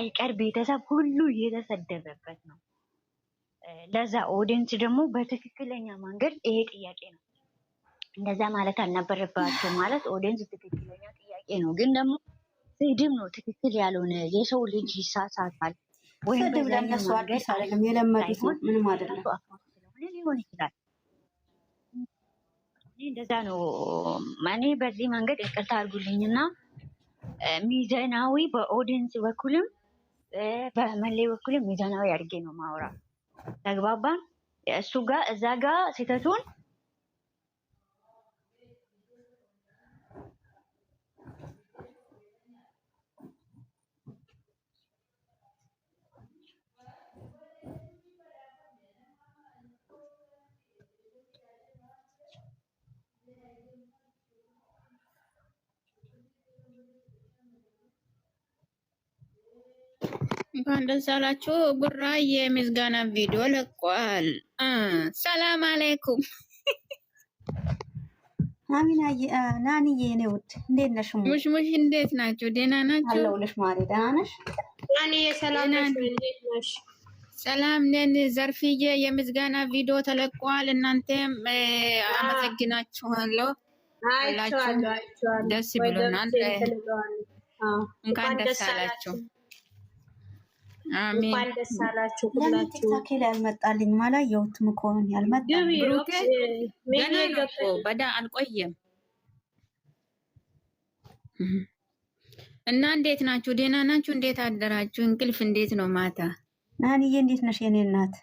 አይቀር ቤተሰብ ሁሉ እየተሰደበበት ነው። ለዛ ኦዲየንስ ደግሞ በትክክለኛ መንገድ ይሄ ጥያቄ ነው፣ እንደዛ ማለት አልነበረባቸው ማለት ኦዲየንስ ትክክለኛ ጥያቄ ነው፣ ግን ደግሞ ስድብ ነው። ትክክል ያልሆነ የሰው ልጅ ይሳሳታል። ስድብ ለነሱ አዲስ አይደለም፣ የለመዱት ነው። ምንም አይደለም ሊሆን ይችላል። እንደዛ ነው። እኔ በዚህ መንገድ ይቅርታ አድርጉልኝና ሚዘናዊ በኦዲየንስ በኩልም በመሌ በኩልም ሚዛናዊ አድርጌ ነው ማውራ። ተግባባን። እሱ ጋር እዛ ጋር ስህተቱን እንኳን ደስ አላችሁ። ጉራ የምስጋና ቪዲዮ ለቋል። ሰላም አለይኩም አሚና ናንዬ፣ የኔ ውድ እንዴት ነሽ? ሙሽሙሽ እንዴት ናችሁ? ደህና ናችሁ? አለሁልሽ ማሪ፣ ደህና ነሽ? ናንዬ ሰላም ነሽ? ሰላም ነን። ዘርፍዬ የምስጋና ቪዲዮ ተለቋል። እናንተም አመሰግናችኋለሁ። ደስ ብሎናል። እንኳን ደስ አላችሁ። እንኳን ደስ አላችሁ ሁላችሁ። ታኬል ያልመጣልኝ ማለት የውት ምኮን ያልመጣልኝ በዳ አልቆየም እና እንዴት ናችሁ? ደህና ናችሁ? እንዴት አደራችሁ? እንቅልፍ እንዴት ነው ማታ? ናንዬ እንዴት ነሽ የኔ እናት?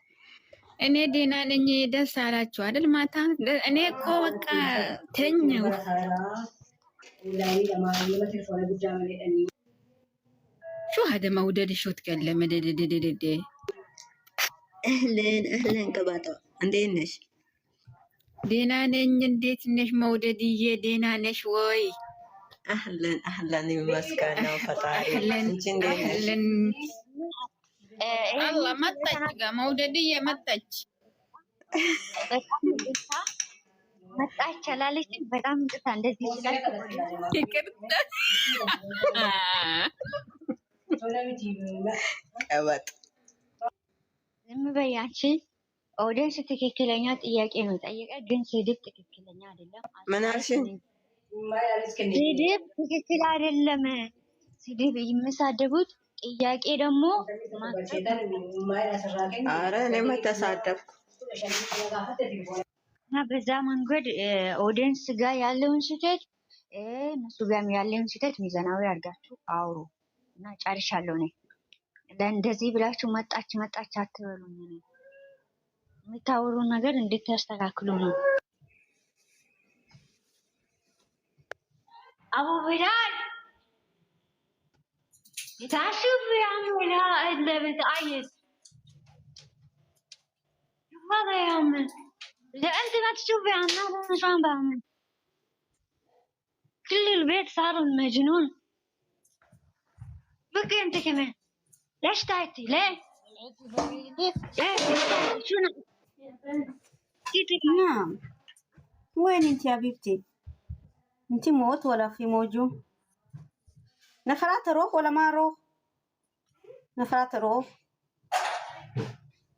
እኔ ደህና ነኝ። ደስ አላችሁ አይደል? ማታ እኔ እኮ በቃ ተኛው። شو هذا مودد شو تكلم እህልን እህልን ቅባቷ እንዴት ነሽ? ደህና ነኝ። እንዴት ነሽ መውደድዬ? ደህና ነሽ ወይ? አህለን አህለን፣ ይመስገን ፈጣሪ። አህለን አላ መጣች ጋ መውደድዬ መጣች መጣች አላለች። በጣም እንደዚህ ይችላል። ይቅርታ ቀበጥ ዝም በይ አንቺ። ኦዲየንስ ትክክለኛ ጥያቄ ነው ጠየቀ፣ ግን ስድብ ትክክለኛ አይደለም። ምን አልሽኝ? ስድብ ትክክል አይደለም። ስድብ የሚሳደቡት ጥያቄ ደግሞ አረ እኔ መተሳደብኩ እና በዛ መንገድ ኦዲየንስ ጋር ያለውን ስህተት እነሱ ጋርም ያለውን ስህተት ሚዛናዊ አድርጋችሁ አውሩ። እና ጨርሻለሁ። እኔ እንደዚህ ብላችሁ መጣች መጣች አትበሉኝ። እኔ የምታወሩ ነገር እንድታስተካክሉ ነው። አቡ ቢላል የታሽብ ያሙላ ለብት አይስ ይፋራ ያምን ለእንት ባትሽብ ያምና ባምሽን ባምን ክልል ቤት ሳሩን መጅኑን بكر انت كمان ليش تعبتي ليه؟ ليه؟ نعم وين انت يا بيبتي؟ انت موت ولا في موجو؟ نفرات روح ولا ما روح؟ نفرات روح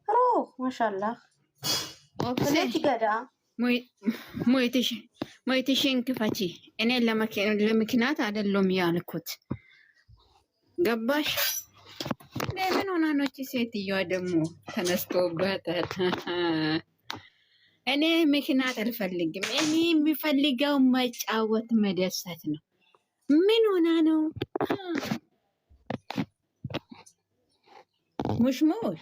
روح ما شاء الله وليتي قدا مويتش مويتشين كفاتي انا لمكنات على اللوم يالكوت ገባሽ? ለምን ሆና ነው እቺ ሴትዮዋ ደግሞ ተነስቶበታል? እኔ ምክንያት አልፈልግም። እኔ የሚፈልገው መጫወት መደሰት ነው። ምን ሆና ነው ሙሽሙሽ?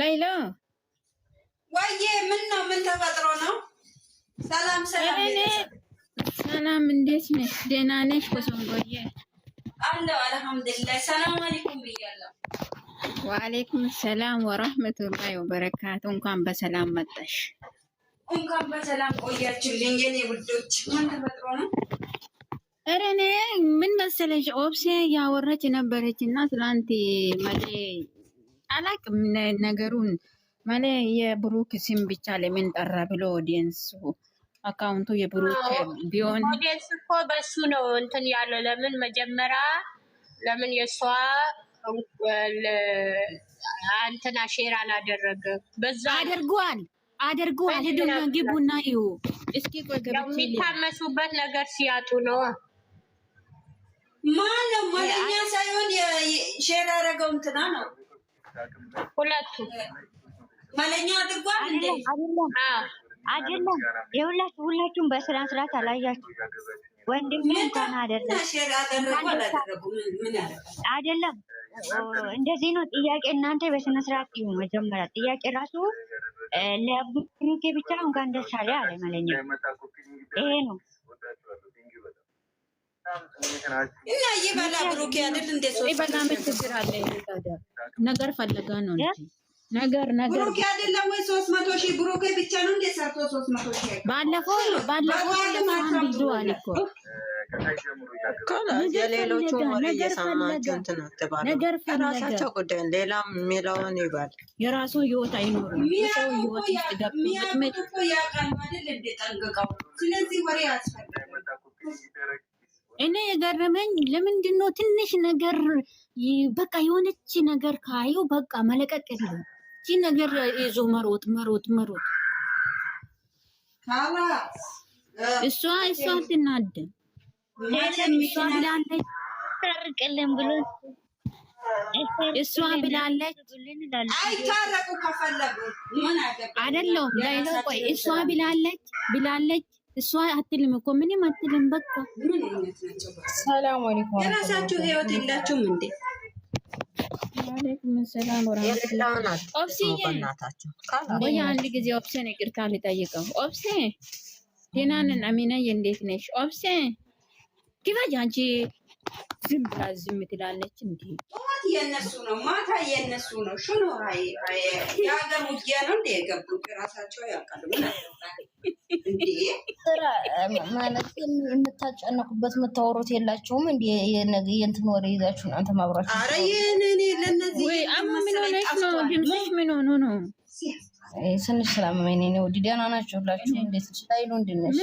ላይላ ወይዬ፣ ምን ነው? ምን ተፈጥሮ ነው? ሰላም ሰላም፣ እንዴት ነሽ? ደህና ነሽ? በሶንጎዬ አለው አልሐምዱሊላህ። ሰላም አለይኩም ብያለሁ። ወአለይኩም ሰላም ወራህመቱላሂ ወበረካቱ። እንኳን በሰላም መጣሽ። እንኳን በሰላም ቆያችሁልኝ የኔ ውዶች። ምን ተፈጥሮ ነው? ኧረ እኔ ምን መሰለሽ ኦብሴ ያወራች ነበረች እና ትናንት መሌ አላቅም ነገሩን ማለት የብሩክ ስም ብቻ ለምን ጠራ ብሎ ኦዲየንስ አካውንቱ የብሩክ ቢሆን ኦዲየንስ እኮ በሱ ነው እንትን ያለ። ለምን መጀመሪያ ለምን የሷ አንተና ሼር አላደረገ? በዛ አድርጓል አድርጓል። ሄዱና ግቡና ይዩ እስኪ ቆይ የሚታመሱበት ነገር ሲያጡ ነው። ማን ነው ወደኛ ሳይሆን ሼር አደረገው እንትና ነው ሁለቱ መለኛው አድርጓል እንዴ? አይደለም የሁላችሁ ሁላችሁም በስራ ስርዓት አላያችሁ። ወንድም እንኳን አይደለም አይደለም እንደዚህ ነው ጥያቄ። እናንተ በስነ ስርዓት ይሁን መጀመሪያ ጥያቄ ራሱ ለብሩኬ ብቻ እንኳን ደስ አለ አለ መለኛው። ይሄ ነው እና ይበላ ብሩኬ አይደል እንደ ሶስት ነገር ፈለጋ ነው እንጂ ነገር ነገር ብሩኬ አይደለም ወይ? ሶስት መቶ ሺ ብሩኬ ብቻ ነው እንዴ ሰርቶ ሶስት መቶ ሺ ባለፈው ባለፈው የሌሎቹ ወሬ እየሰማችሁ እንትን አትባሉ። የራሳቸው ጉዳይ ሌላ የሚለውን ይባል። የራሱ ህይወት አይኖርም። ሰው ህይወት ውስጥ ገብቶ ጠንቅቀው። ስለዚህ ወሬ ያስፈልጋል። እኔ የገረመኝ ለምንድን ነው ትንሽ ነገር በቃ የሆነች ነገር ካዩ በቃ መለቀቅ የለም ይህ ነገር ይዞ መሮጥ መሮጥ መሮጥ እሷ እሷ ትናደም ታርቅልን ብሎ እሷ ብላለች። አይደለም ላይሎ ቆይ እሷ ብላለች ብላለች እሷ አትልም እኮ ምንም አትልም። በቃ ሰላም አለይኩም። የራሳችሁ ህይወት የላችሁም እንዴ? ወይ አንድ ጊዜ ኦፕሴን ይቅርታ ልጠይቀው። ኦፕሴ ዴናንን አሚናዬ፣ እንዴት ነሽ ኦፕሴ? ግባጅ አንቺ ዝም ብላ ዝም ትላለች። እንዲ ሞት የነሱ ነው፣ ማታ የነሱ ነው። ሽኖ የሀገር ውጊያ ነው እንደ የገቡት ራሳቸው ያውቃሉ። ማለት የምታጨነቁበት የምታወሩት የላቸውም። እንዲ የንትን ወደ ይዛችሁ እናንተ ማብራችሁ። አረ ይህንን ለነዚህ ምን ሆነሽ ነው? ድምፅሽ ምን ሆኖ ነው? ስንሽ ስላመመኝ ነው። ደህና ናቸው ሁላችሁ። እንዴት ላይ ነው? እንድነሽ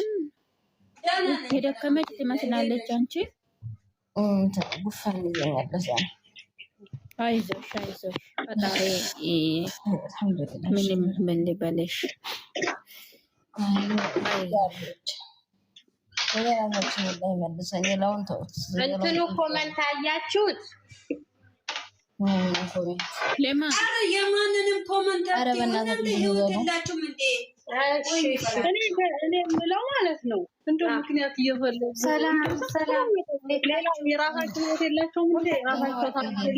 የደከመች ትመስላለች አንቺ ጉፋን ይዘኛል። ለዚያ ነው አይዞሽ አይዞሽ፣ ፈጣሪ ምንም ምን ልበልሽ። እንትኑ ኮመንት አያችሁት? የማንንም ኮመንት እኔ የምለው ማለት ነው ምክንያት እየፈለጉ የራሳቸው የላቸውም እንደ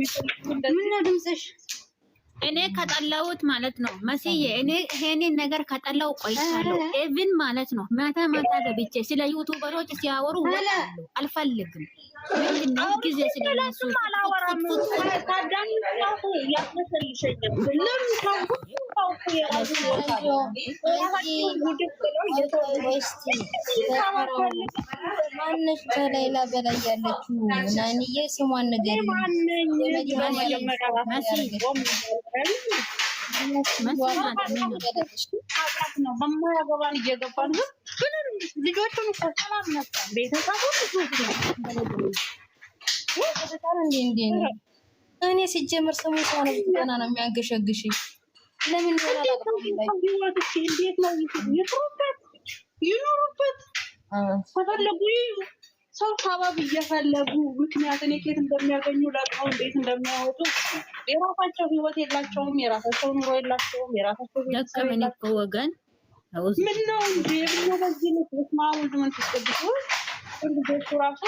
የራሳቸው እኔ ከጠላሁት ማለት ነው መስዬ እኔ ይሄንን ነገር ከጠላው ቆይቻለሁ። ኤቭን ማለት ነው ማታ ማታ ገብቼ ስለ ዩቱበሮች ሲያወሩ አልፈልግም። ምንድነው ማነች ከሌላ በላይ ያለችው ናንዬ? ስሟን ነገር እኔ ሲጀምር ስሙ ሰው ነው ነው የሚያንገሸግሽ ለምን እንዴት ነው ይኑሩበት፣ ይኑሩበት ከፈለጉ ሰው ሰበብ እየፈለጉ ምክንያት እኔ ኬት እንደሚያገኙ ለቀው እንዴት እንደሚያወጡ የራሳቸው ህይወት የላቸውም፣ የራሳቸው ኑሮ የላቸውም፣ የራሳቸው ቤተሰብ የላቸውም። ወገን ምን ነው እንዴ ብሎ በዚህ ነው ስማ ወልድ መንፈስ ቅዱስ ራሱ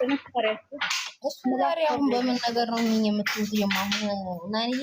ጥንካሬያቸው እሱ ዛሬ አሁን በምን ነገር ነው የምትሉት የማሁን ናንዬ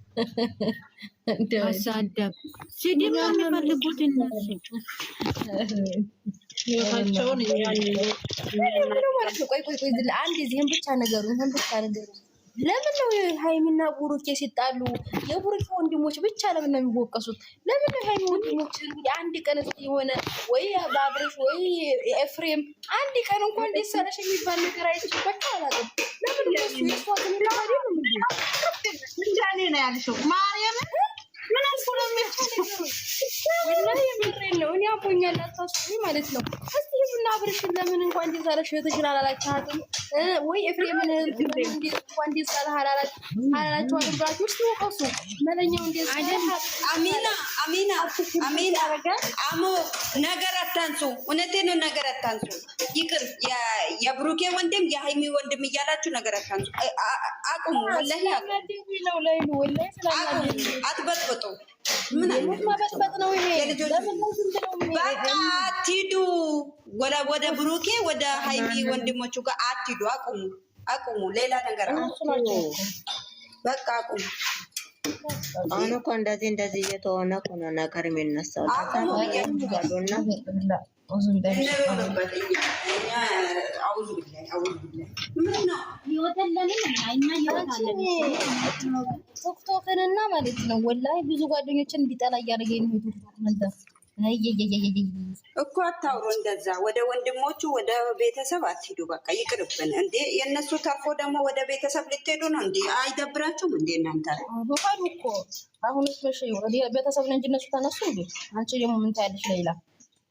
አሳደብ ስድብ ነው የሚፈልጉት እነሱ ቆይ ቆይ ቆይ፣ አንድ ዚህም ብቻ ነገሩ ይህም ብቻ ነገሩ ለምን ነው ሃይሚና ቡሩኬ ሲጣሉ የቡሩኬ ወንድሞች ብቻ ለምን ነው የሚወቀሱት? ለምን ነው ሃይሚ ወንድሞች እንግዲህ አንድ ቀን የሆነ ወይ ባብሬሽ ወይ ኤፍሬም አንድ ቀን እንኳን ደስ አለሽ የሚባል ነገር አይችልባቸው አላውቅም። ለምን ነው እሱ ይስፋት ነው ያልሽው ማርያምን ምን አልኩ ነው የምለው እኔ አሞኛል አታስቢ ማለት ነው። እስቲ ሂዱና አብርሽን ለምን እንኳን እንደዛ አለሽ አላላችኋትም ወይ ኤፍሬምን እንኳን እንደዛ አላላችኋትም ብላችሁ እስቲ ወቀሱ። መለኛው እንደዛ አሚና አሚና አሚና አሞ ነገር አታንሱ። እውነቴን ነው ነገር አታንሱ። ይቅር የብሩኬ ወንድም የሀይሚ ወንድም እያላችሁ ነገር አታንሱ። አቁሙ። ወላሂ አቁሙ። አትበጥብጥ የምትበጠብጡ? ምን በቃ አትሂዱ፣ ወደ ብሩኬ ወደ ሀይሚ ወንድሞቹ ጋር አትሂዱ። አቁሙ፣ አቁሙ። ሌላ ነገር በቃ አቁሙ። አሁን እኮ እንደዚህ እንደዚህ እየተሆነ እኮ ነው ነገር የሚነሳው። ቶክቶክንና ማለት ነው ወላሂ ብዙ ጓደኞችን እንዲጠላ እያደረገኝ ነው። ቶክቶክ መንደር እኮ አታውሩ እንደዛ። ወደ ወንድሞቹ ወደ ቤተሰብ አትሂዱ፣ በቃ ይቅርብን። እንዴ የእነሱ ተርፎ ደግሞ ወደ ቤተሰብ ልትሄዱ ነው እንዴ? አይደብራችሁም እንዴ እናንተ? ሄዱ እኮ አሁን ቤተሰብ ነው እንጂ እነሱ ተነሱ እንዴ። አንቺ ደግሞ ምን ታያለሽ ሌላ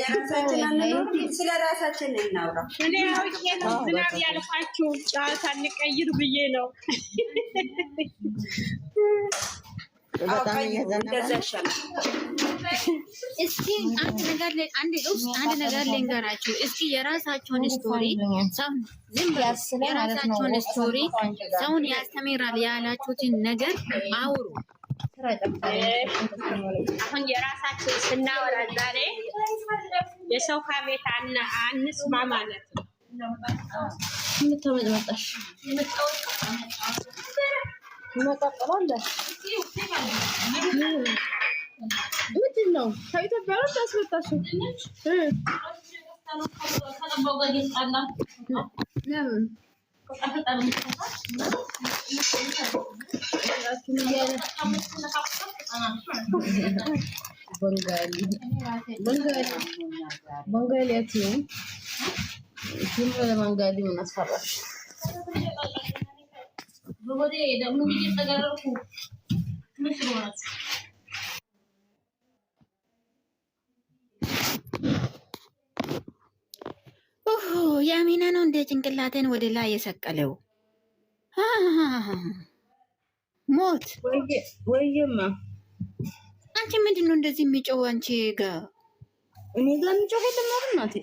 የራሳችን ስለ ራሳችን እናውራ። እኔ አውቄ ነው ዝናብ ጨዋታ እንቀይር ብዬ ነው። እስኪ አንድ ነገር ልንገራችሁ። እስኪ የራሳቸውን ስቶሪ የራሳቸውን ስቶሪ ሰውን ያስተምራል ያላችሁትን ነገር አውሩ። አሁን የራሳችን ስናወራ ዛሬ የሰው ከቤት አንስማ ማለት ነው። የምታመጣሽ ምንድን ነው? ከኢትዮጵያ ነው ያስመጣሽው? ለምን Bengali. Bengali. Bengali ya tu. Tim ada Bengali mana sekarang? Bukan dia, dah mungkin kita garuk. Mesti buat. ኦሆ ያሚና ነው እንደ ጭንቅላቴን ወደ ላይ የሰቀለው። ሞት ወይማ አንቺ ምንድን ነው እንደዚህ የሚጮው? አንቺ ጋ እኔ ጋ የሚጮው የለም። እናቴ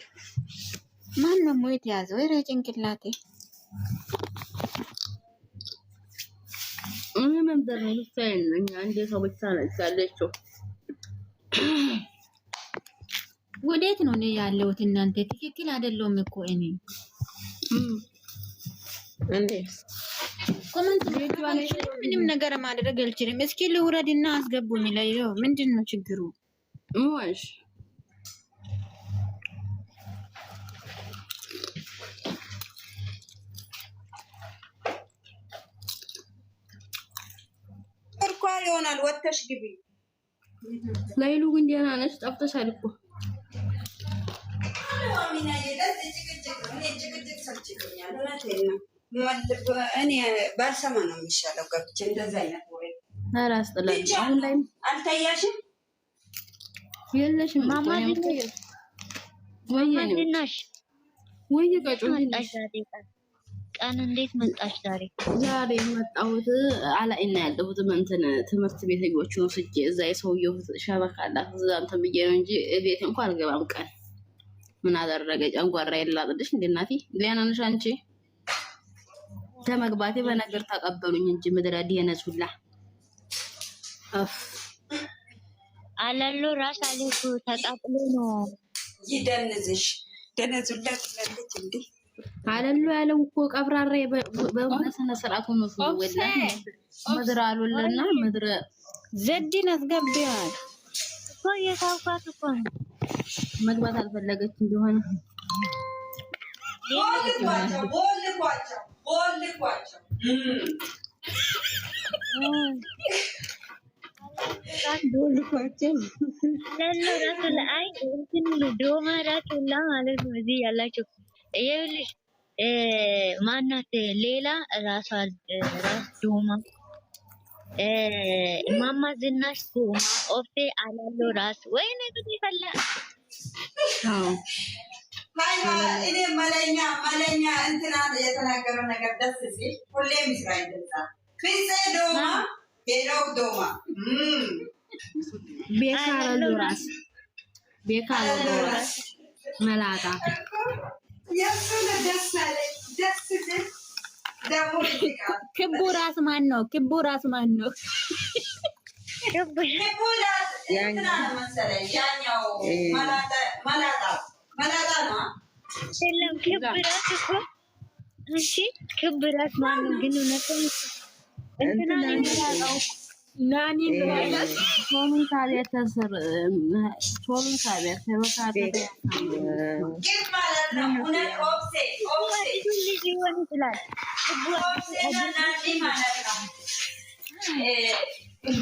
ማን ነው ሞት ያዘው? ወይ ጭንቅላቴ ምን መንበር ነው ብቻዬን እንደ ሰው ብቻ ነው ያለችው ወዴት ነው እኔ ያለሁት? እናንተ ትክክል አይደለም እኮ እኔ እንዴ ኮመንት ምንም ነገር ማድረግ አልችልም። እስኪ ልውረድና አስገቡኝ። ይለው ምንድን ነው ችግሩ? ሞሽ ትርኳ ይሆናል። ወተሽ ግቢ ላይሉ ግን ደህና ነሽ፣ ጠፍተሻል እኮ ባልሰማ ነው የሚሻለው። ቀን እንዴት መጣሽ ዛሬ? ዛሬ አላይና እንትን ትምህርት ስጄ እዛ የሰውየው ሸበካላት እዛ እንትን ብዬ ነው እንጂ ቤት እንኳን አልገባም ቀን ምን አደረገ? ጨንጓራ የላጥልሽ እንዴ እናቴ ሊያናንሽ አንቺ ለመግባቴ በነገር ተቀበሉኝ እንጂ ምድረ ዲነዝ ሁላ አለሉ ራስ አለኩ ተቃጥሎ ነው ይደንዝሽ ደነዙላት ማለት እንዴ አለሉ ያለው እኮ ቀብራራ በእውነት ስነ ስርዓት ሆኖ ወላ ምድረ አሉልና ምድረ ዘዲነት ገብያል እኮ የታውቃት እኮ ነው መግባት አልፈለገች እንደሆነ ዶማ ራሱ ሁላ ማለት ነው። እዚህ ያላችሁ ይኸውልሽ፣ ማናት ሌላ ራሷ ራስ ዶማ ማማ ዝናሽ ዶማ ኦፌ አላለው ራስ ወይ ነገር ይፈላ እኔ መለኛ መለኛ እንትና የተናገረው ነገር ደስ ሲል ሁሌ ምስራ ይደዛ ፊሴ ዶማ ቤሎክ ዶማ ቤካረ ዶራስ መላጣ የሱ ደስ አለ ደስ ክቡ ራስ ማን ነው? ክቡ ራስ ማን ነው? የለም ክብራት ግን? እውነትም ይችላል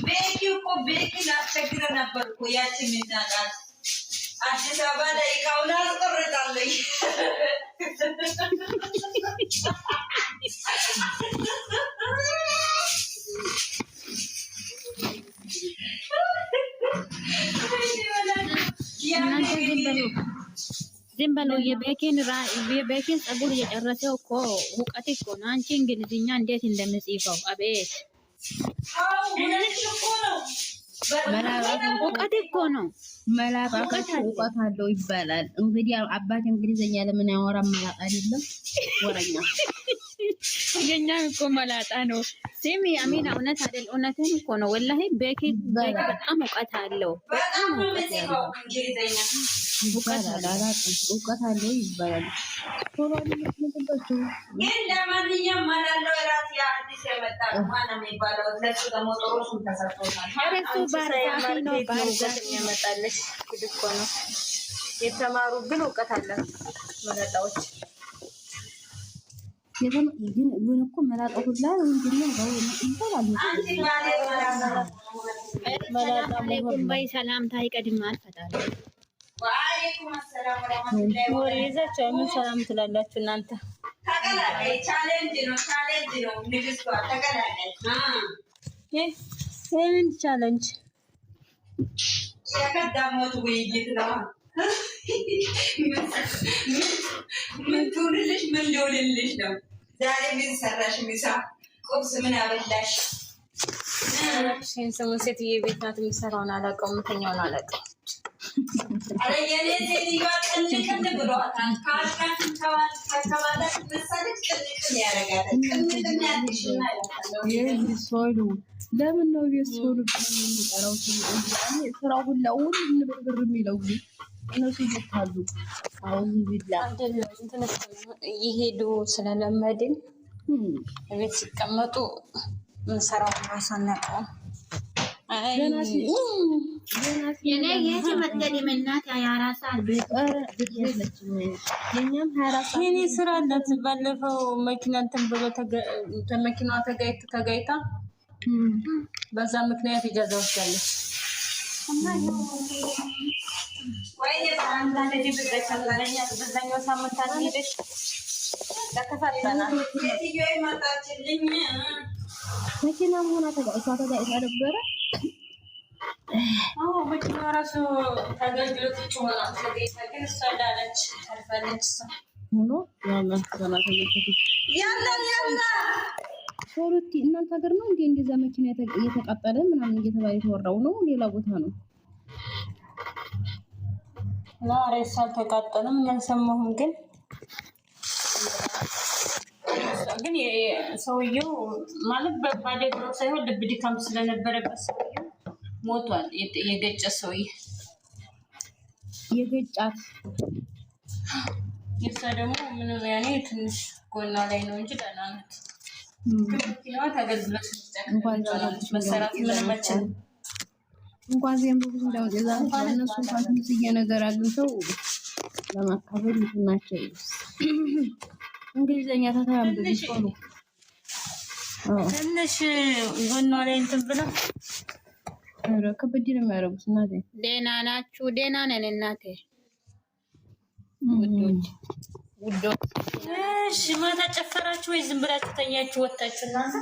ቤኪ እኮ ቤኪ ላስቸግረ ነበርኩ። ያቺ ምናቃት አዲስ አበባ ላይ እቃውን አስቆርጣለች። ዝም በሉ። የቤኪን ጸጉር እየጨረሰው እኮ እውቀት እኮ ነው። አንቺ እንግሊዝኛ እንዴት እንደምጽፈው አቤት እውቀት እኮ ነው። መላእክት እውቀት አለው ይባላል። እንግዲህ አባት እንግሊዘኛ ለምን ያወራ መላእክት አይደለም ወረኛ ተገኛ እኮ መላጣ ነው። ስሚ አሚና፣ እውነት አይደል? እውነትን እኮ ነው። ወላሂ በኪ በጣም እውቀት አለው። በጣም እውቀት አለው ይባላል። የተማሩ ግን እውቀት አለ መላጣዎች ግን እኮ መላጣ ሁላ ወይ ሰላምታ ይቀድማል። ይዛቸው ምን ሰላም ትላላችሁ እናንተ? ቻሌንጅ ምን ትሆንልሽ? ምን ሊሆንልሽ ነው? ዛሬ ምን ሰራሽ? ሚሳ ቁብስ ምን አበላሽ? ይህን ስሙ። ሴትዬ ቤት ናት የሚሰራውን አላውቀው፣ ምተኛውን አላውቀው። ኧረ የኔ ሴትዮዋ ቅን ቅን ብሏታል። ከአልቃት ከተባላት መሳለች ቅን ቅን ያደርጋታል። ቅን ቅን ያልሽና ያለው ለምን ነው የሰው ልጅ የሚጠራው ስራው ሁላ ሁሉ ብርብር የሚለው ጊዜ እነሱ ይታሉ። አሁን ቢላ ይሄዱ ስለለመድን ቤት ሲቀመጡ ምንሰራው ማሳነቀው የኔ ስራ አላት። ባለፈው መኪና እንትን ብሎ መኪናዋ ተጋይታ ተጋይታ በዛ ምክንያት ኢጃዛ ወስዳለች። ወይ ሳምንት አንድ ብገቸም ዘረኛ በዛኛው ሳምንት መኪና መሆና ተጋጭታ ተጋጭታ ነበረ። መኪና ራሱ ተገልግሎት እናንተ ሀገር ነው እንዲ እንደዛ መኪና እየተቃጠለ ምናምን እየተባለ የተወራው ነው ሌላ ቦታ ነው እና ሬስ አልተቃጠለም አልሰማሁም። ግን ግን ሰውየው ማለት ባደግሮ ሳይሆን ልብ ድካም ስለነበረበት ሰውየው ሞቷል። የገጨ ሰውዬ የገጫት የእሷ ደግሞ ምንም ያኔ ትንሽ ጎና ላይ ነው እንጂ ደህና ናት። መኪናዋ ተገልግሎት መሰራት ምንም እንኳን ዜም ብዙ እንዳወደዛ እነሱ እንኳን ትንሽ ነገር አግኝተው ለማካፈል ይትናቸው እንግሊዘኛ ተተራም ብዙ ነው። ትንሽ ጎኗ ላይ እንትን ብለው ኧረ ከበድ ነው የሚያደርጉት። እናቴ ደህና ናችሁ? ደህና ነን እናቴ ውዶች፣ ውዶች። እሺ ማታ ጨፈራችሁ ወይ ዝም ብላችሁ ተኛችሁ ወጣችሁ እናንተ?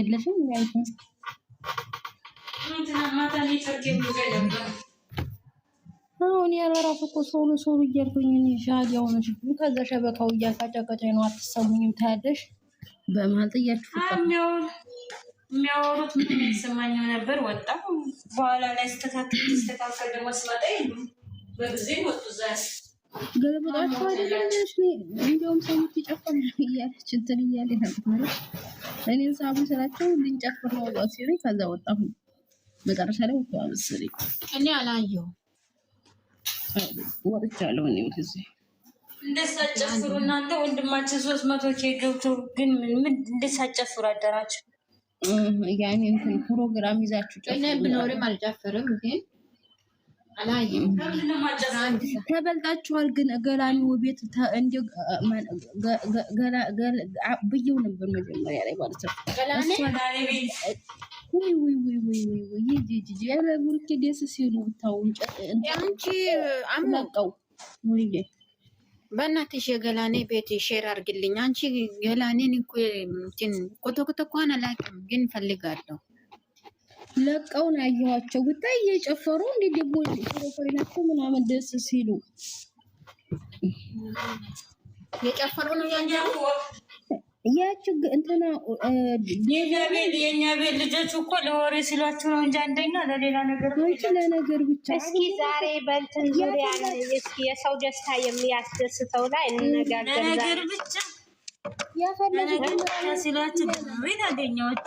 የለሽም ያልኩት አሁን ያለራሱ እኮ ሶሉ ሶሉ እያልኩኝ ሻል የሆነች ከዛ ሸበካው እያቃጫቀጨኝ ነው። አትሰሙኝም ታያለሽ። በመሀል ጥያችሁ የሚያወሩት ምን ይሰማኝ ነበር። ወጣ በኋላ ላይ ስተካከል ስተካከል ደግሞ ስመጣ በጊዜ ወጡ ዛስ ገለበጣቸው አይደለሽ። እያለች እንትን እያለ ነበር። እኔ ሳቡ ስላቸው ልንጨፍር ነው ሲሉ ከዛ ወጣሁ። መጨረሻ ላይ ወጥተዋል መሰለኝ። እኔ አላየሁም ወጥቻለሁ። እኔ ጊዜ እንደሳጨፍሩ እናንተ ወንድማችን ሶስት መቶ ኬ ገብቶ ግን ምን እንደሳጨፍሩ አደራችሁ። ያኔ እንትን ፕሮግራም ይዛችሁ ጨፍሩ። ብኖርም አልጨፍርም ግን ተበልጣችኋል ግን ገላሚው ቤት እንደ ብዬው ነበር መጀመሪያ ላይ ማለት ነው ወይ ወይ ወይ ወይ ወይ ወይ ጂጂጂ ኧረ ብሩኬ ደስ ሲሉ ብታው አንቺ አምናቀው ወይ በእናትሽ የገላኔ ቤት ሼር አርግልኝ። አንቺ ገላኔን እኮ እንትን ኮቶ ኮቶ እንኳን አላውቅም፣ ግን ፈልጋለሁ። ለቀውን አየኋቸው ጉዳይ እየጨፈሩ እንዲህ ድቦ ናቸው ምናምን ደስ ሲሉ የጨፈሩ ነው። ያኛው እያችሁ እንትና የእኛ ቤት ልጆች እኮ ለወሬ ሲሏችሁ ነው እንጂ አንደኛ ለሌላ ነገር ለነገር ብቻ። እስኪ ዛሬ በእንትን ዙሪያ እስኪ የሰው ደስታ የሚያስደስተው ላይ እንነጋገር። ነገር ብቻ ሲሏቸው ቤት አገኘሁት።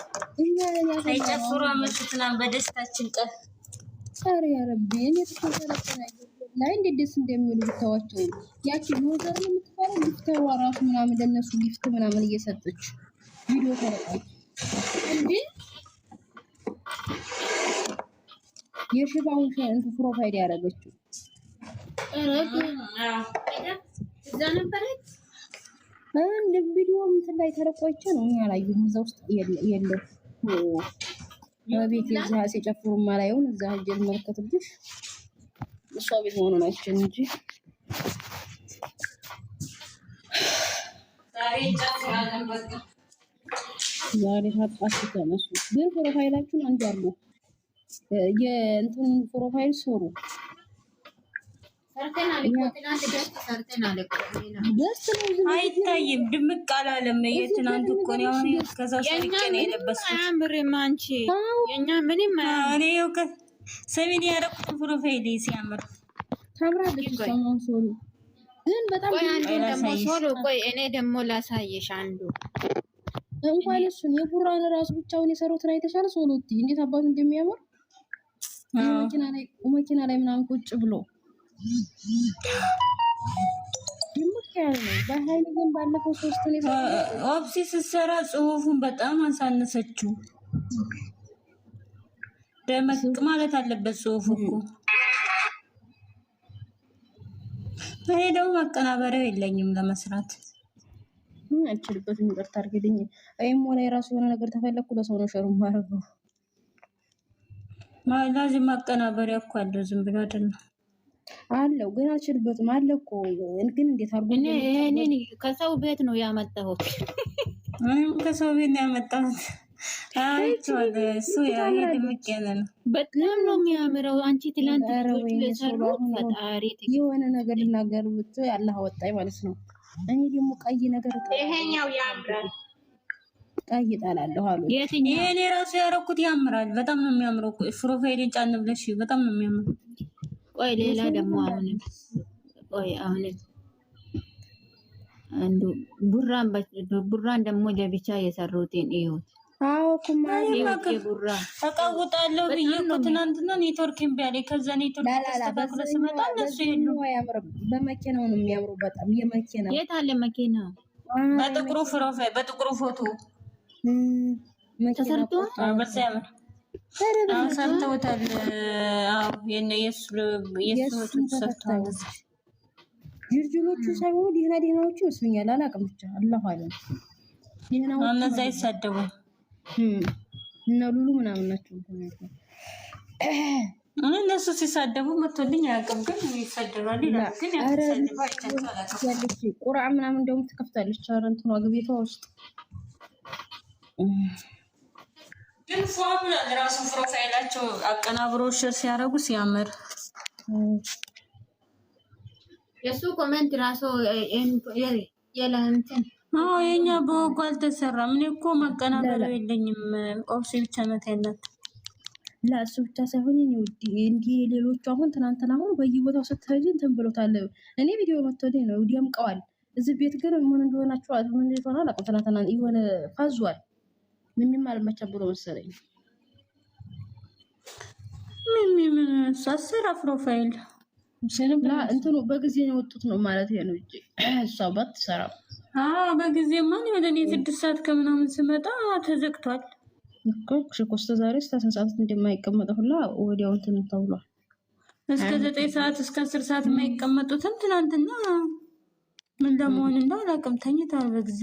አይጨፍሩ አመሽትናን በደስታችን ቀን ኧረ ያ ረቢ እኔ ተሰረጠ ላይ እንዴት ደስ እንደሚሉ ብታዋቸው ያቺ ዩዘር የምትባለው ሊፍተሯ ራሱ ምናምን ለነሱ ሊፍት ምናምን እየሰጠች ቪዲዮ ተረቃ እንዴ የሽፋውን እንት ፕሮፋይል ያደረገችው እዛ ነበረች። ቪዲዮ እንትን ላይ ተለቆች ነው እኛ ላይ እዛ ውስጥ የለ ቤት የዛ ሲጨፍሩ ማላየውን እዛ ጀል መለከትብሽ እሷ ቤት መሆኑ ናቸው እንጂ ዛሬ ታጣስ ተነሱ። ግን ፕሮፋይላችሁን አንድ አሉ የእንትን ፕሮፋይል ስሩ። አይታይም ድምቅ አላለም። የትናንት እኮ ነው። አሁን ከዛ ሰው ነው የለበስኩት። የእኛ ምንም አንቺ የእኛ ምንም ሰሜን ያደረኩትን ፕሮፋይል ሲያምር ታምራለች። ሰሞን ሶሪ ግን በጣም ቆይ፣ እኔ ደግሞ ላሳየሽ አንዱ እንኳን እሱን የቡራን ራሱ ብቻውን የሰሩትን አይተሻል? ሶሎቲ እንዴት አባቱ እንደሚያምር መኪና ላይ ምናምን ቁጭ ብሎ ድምቅ በሀይል ግን ባለፈው ሶስቱን ኦፕሲ ስትሰራ ጽሁፉን በጣም አሳነሰችው። ደመቅ ማለት አለበት ጽሁፍ እኮ። እኔ ደግሞ መቀናበሪያው የለኝም ለመስራት አልችልበትም። ይቅርታ አድርግልኝ። ወይም ላይ የራሱ የሆነ ነገር ተፈለግኩ ለሰው ነው ሸሩ ማረገው ማላዚ ማቀናበሪያ እኮ አለው። ዝም ብሎ አይደለም አለው፣ ግን አልችልበትም አለ እኮ። ግን እንዴት አድርጎ ከሰው ቤት ነው ያመጣሁት። ከሰው ቤት ነው ያመጣሁት። በጣም ነው የሚያምረው። አንቺ ትላንት የሰሩት የሆነ ነገር ልናገር ማለት ነው። እኔ ደግሞ ቀይ ነገር ይሄኛው ያምራል ቀይ አሉ። ራሱ ያምራል። በጣም ነው የሚያምረው። ፕሮፋይልን ጫን ብለሽ በጣም ነው የሚያምረው። ቆይ ሌላ ደግሞ አሁን ቆይ አሁን አንዱ ቡራን ቡራን ደግሞ ለብቻ የሰሩትን እዩት። አዎ ኩማሪ ተቀውጣለሁ ብዬ እኮ ትናንትና ኔትወርክ እምቢ አለኝ። ከዛ ኔትወርክ ተስተካክሎ ስመጣ እነሱ የሉም። በመኪናው ነው የሚያምሩ በጣም የመኪና የት አለ መኪናው? በጥቁሩ ፍሮፌ በጥቁሩ ፎቶ ተሰርቶ ሰርተውታል። የሱ ሰርተዋል። ጅርጅሎቹ ሳይሆኑ ደህና ደህናዎቹ ይመስሉኛል። አላውቅም ብቻ አለሁ አለ እነዛ ይሳደቡ እና ሉሉ ምናምን ናቸው። እነሱ ሲሳደቡ መቶልኝ አያውቅም፣ ግን ይሳደባል። ቁርአ ምናምን እንደውም ትከፍታለች። ኧረ እንትኗ ግቤቷ ውስጥ ግን ፏብላ ራሱ ፕሮፋይላቸው አቀናብሮ ሽር ሲያደርጉ ሲያምር የእሱ ኮመንት ራሱ የለህንትን አዎ የኛ በወጉ አልተሰራም። እኔ እኮ መቀናበሉ የለኝም። ኦብሴ ብቻ ናት ያላት ለእሱ ብቻ ሳይሆን እንዲህ ሌሎቹ አሁን ትናንትና አሁን በየቦታው ስትሄጂ እንትን ብሎታል። እኔ ቪዲዮ መጥቶልኝ ነው ደምቀዋል። እዚህ ቤት ግን ምን እንደሆናቸው ምን ሆነ አላውቅም። ትናንትና የሆነ ፋዟል ምንም አልመቸም ብሎ መሰለኝ ሚሚ ምን ሳሰራ ፕሮፋይል እንትኑ በጊዜ የወጡት ነው ማለት ነው እንጂ እሷ ባትሰራም በጊዜ ማን ወደ እኔ ስድስት ሰዓት ከምናምን ስመጣ ተዘግቷል እኮ እስከ ዛሬ እስከ አስር ሰዓት እንደማይቀመጠ ሁላ ወዲያው እንትን ተብሏል። እስከ ዘጠኝ ሰዓት እስከ አስር ሰዓት የማይቀመጡትን ትናንትና ምን ለመሆን እንደው አላውቅም። ተኝተዋል በጊዜ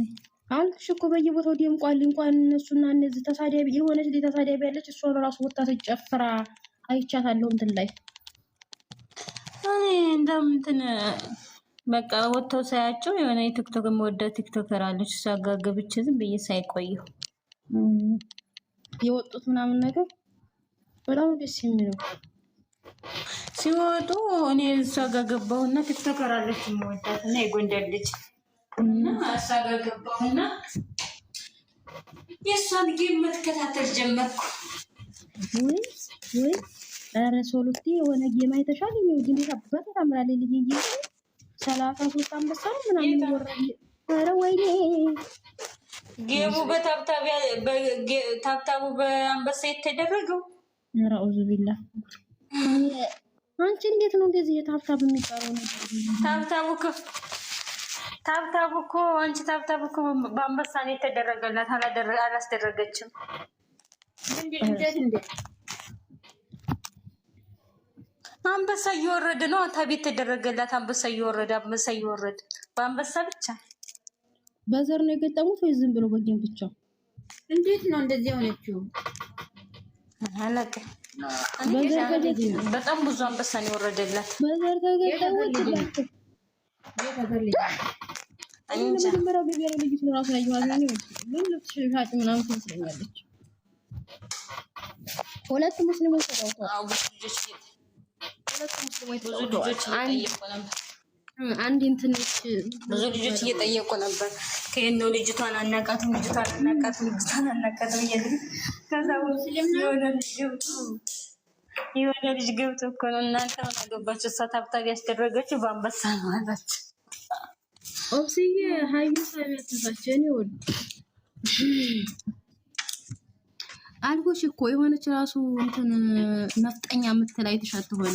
አልኩሽ እኮ በየቦታው ደምቋል። እንኳን እነሱና እነዚህ ተሳዳቢ የሆነች ልጅ ተሳዳቢ ያለች እሷ ራሱ ወታ ተጨፍራ አይቻታለሁ እንትን ላይ እኔ እንደምንትን በቃ ወጥተው ሳያቸው የሆነ የቲክቶክ የምወዳት ቲክቶከር አለች። እሷ ጋር ገብቼ ዝም ብዬ ሳይቆየሁ የወጡት ምናምን ነገር በጣም ደስ የሚለው ሲወጡ እኔ እሷ ጋር ገባሁና ቲክቶከር አለች የምወዳት እና የጎንደር ልጅ እና እሷ ጋር ገባሁና የእሷን ጌም መትከታተል ጀመርኩ። ወይ ኧረ ሶሉቲ የሆነ ጌም አይተሻል? ጌም በጣም ምናለ ልጅ ሰላሳ ሶስት አንበሳ ምናምን ኧረ ወይኔ ጌሙ በታብታቡ በአንበሳ የተደረገው ኧረ አውዙ ቢላ አንቺ እንዴት ነው እንደዚህ የታብታብ የሚባለው ነገር ታብታቡ ታብታብ እኮ አንቺ ታብታብ እኮ በአንበሳ ነው የተደረገላት አላስደረገችም እንዴት እንዴት አንበሳ እየወረደ ነው። ቤት ተደረገላት። አንበሳ እየወረደ አንበሳ እየወረደ በአንበሳ ብቻ በዘር ነው የገጠሙት ወይ ዝም ብሎ በጌም ብቻ? እንዴት ነው እንደዚህ የሆነችው? አላቀ በጣም ብዙ አንበሳ ነው የወረደላት። በዘር ተገጠሙት መጀመሪያ ገቢያ ልጅቱ ራሱ ላይ ይዋዘኝ ምን ልብስ ሻጭ ምናምን ትመስለኛለች። ሁለት ሙስሊሞች ተጫውተዋል። አንድ እንትንሽ ብዙ ልጆች እየጠየቁ ነበር። ከየት ነው ልጅቷን አናቃትም፣ ልጅቷን አናቃትም፣ ልጅቷን አናቃትም እያሉ ከዛ የሆነ ልጅ ገብቶ የሆነ ልጅ ገብቶ እኮ ነው እናንተ ምን አገባችሁ፣ እሷ ታብታቢ ያስደረገችው በአንበሳ ነው አላቸው። ኦብስዬ ሀዩ ሳቢያትዛቸው እኔ ወዱ አልጎሽ እኮ የሆነች ራሱ እንትን ነፍጠኛ የምትል አይተሻት ሆነ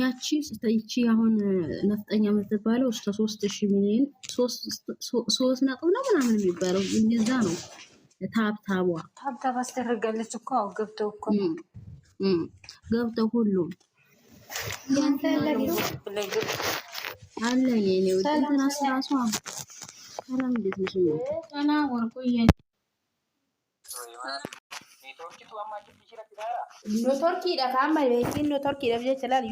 ያቺ ይቺ አሁን ነፍጠኛ የምትባለው እስከ ሶስት ሺ ሚሊዮን ሶስት ነጥብ ነው ምናምን የሚባለው እንደዛ ነው። ታብታቧ ታብታብ አስደረጋለች እኮ ገብተው እኮ ገብተው ሁሉም ስራሷ ሰላም፣ እንዴት ነሽ? ኖቶርኪ ደካማ ቤኪን ኖቶርኪ ይችላል